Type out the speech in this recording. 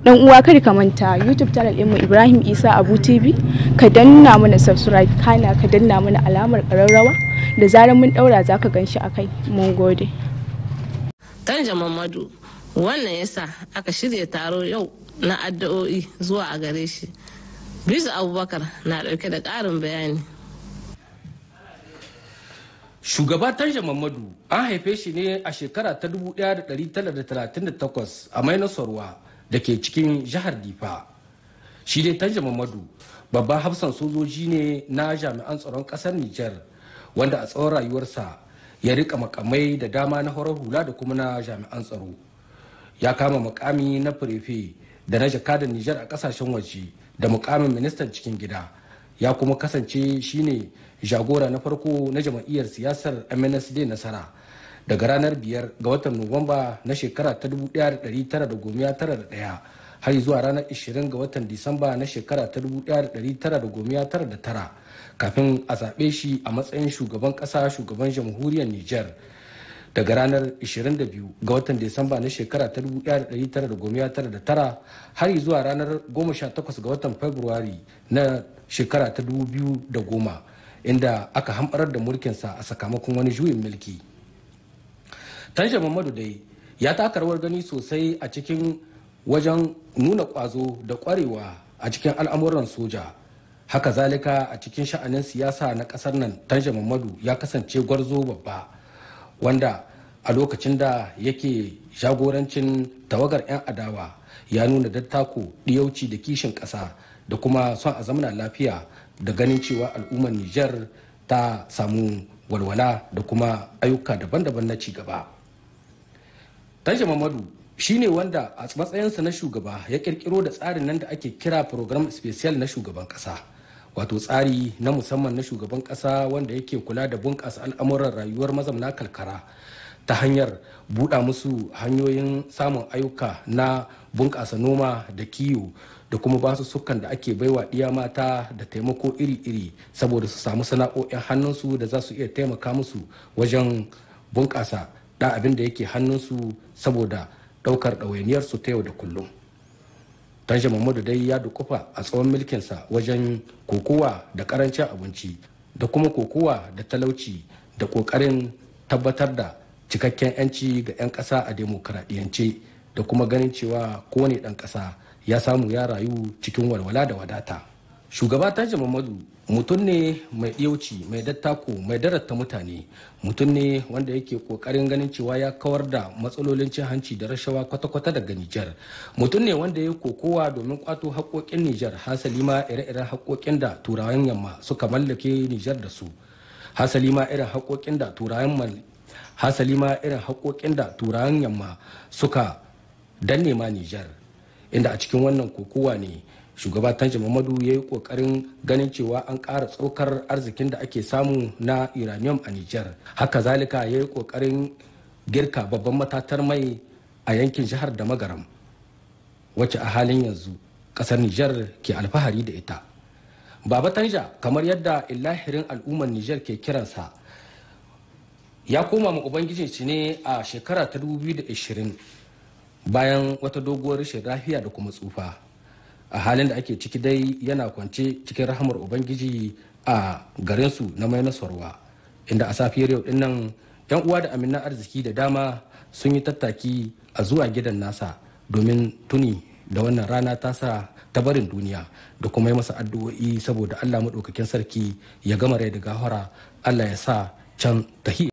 dan uwa kada ka manta youtube channel mu ibrahim isa abu tv ka danna mana subscribe kana ka danna mana alamar kararrawa da zarar mun daura za ka ganshi a kai mun gode tanja mamadu wannan yasa aka shirya taro yau na addu'o'i zuwa a gare shi bisa abubakar na dauke da karin bayani Shugaba Tanja Mamadu an haife shi ne a shekara ta 1938 a Mainasarwa. da ke cikin jihar difa shi dai tanja mamadu babban hafsan sojoji ne na jami'an tsaron kasar niger wanda a tsawon rayuwarsa ya rika makamai da dama na horar hula da kuma na jami'an tsaro ya kama mukami na firefe da na jakadan niger a kasashen waje da mukamin ministan cikin gida ya kuma kasance shine jagora na farko na jam'iyyar siyasar mnsd nasara daga ranar 5 ga watan nuwamba na shekara ta 1991 har zuwa ranar 20 ga watan disamba na shekara ta 1999 kafin a zaɓe shi a matsayin shugaban ƙasa shugaban jamhuriyar niger daga ranar 22 ga watan disamba na shekara ta 1999 har zuwa ranar 18 ga watan february na shekara ta 2010 inda aka hamɓarar da mulkinsa a sakamakon wani juyin mulki. tanja mamadu dai ya taka rawar gani sosai a cikin wajen nuna kwazo da kwarewa a cikin al'amuran soja haka zalika a cikin sha'anin siyasa na kasar nan tanja mamadu ya kasance gwarzo babba wanda a lokacin da yake jagorancin tawagar 'yan adawa ya nuna dattako ɗiyauci da kishin kasa da kuma son a zamana lafiya da ganin cewa al'ummar niger ta samu walwala da kuma ayyuka daban-daban na ci gaba. Tashi Mamadu shine wanda a matsayinsa na shugaba ya kirkiro da tsarin nan da ake kira program special na shugaban kasa. Wato tsari na musamman na shugaban kasa wanda yake kula da bunƙasa al'amuran rayuwar mazamna karkara ta hanyar buɗa musu hanyoyin samun ayyuka na bunƙasa noma da kiwo da kuma basu sukan da ake baiwa ɗiya mata da taimako iri-iri saboda su samu sana'o'in hannunsu da za su iya taimaka musu wajen bunƙasa da abin da yake hannunsu saboda ɗaukar ɗawainiyarsu ta yau da kullum tashi muhammadu dai ya dukufa a tsawon mulkinsa wajen kokowa da karancin abinci da kuma kokowa da talauci da kokarin tabbatar da cikakken 'yanci ga 'yan ƙasa a demokuraɗiyance da kuma ganin cewa kowane ɗan ƙasa ya samu ya rayu cikin walwala da wadata shugaba taji mamadu mutum ne mai ɗauci mai dattako mai darata mutane mutum ne wanda yake kokarin ganin cewa ya kawar da matsalolin cin hanci da rashawa kwata-kwata daga nijar mutum ne wanda ya kokowa domin kwato haƙoƙin nijar hasali ma ire-iren haƙoƙin da turawan yamma suka mallake nijar da su hasali ma irin haƙoƙin da turawan hasali ma irin haƙoƙin da turawan yamma suka danne ma nijar inda a cikin wannan kokowa ne shugaba tanji mamadu ya yi kokarin ganin cewa an ƙara tsokar arzikin da ake samu na uranium a niger haka zalika ya yi kokarin girka babban matatar mai a yankin jihar da magaram wacce a halin yanzu ƙasar niger ke alfahari da ita baba tanja kamar yadda illahirin al'ummar niger ke kiransa ya koma ma ubangijin shi ne a shekara ta 2020 bayan wata doguwar rashin lafiya da kuma tsufa a halin da ake ciki dai yana kwance cikin rahamar ubangiji a garinsu na mai nasarwa inda a safiyar yau dinnan yan uwa da amina arziki da dama sun yi tattaki a zuwa gidan nasa domin tuni da wannan rana ta sa ta barin duniya da kuma yi masa addu'o'i saboda allah maɗaukakin sarki ya gama rai da gahara allah ya sa can tahi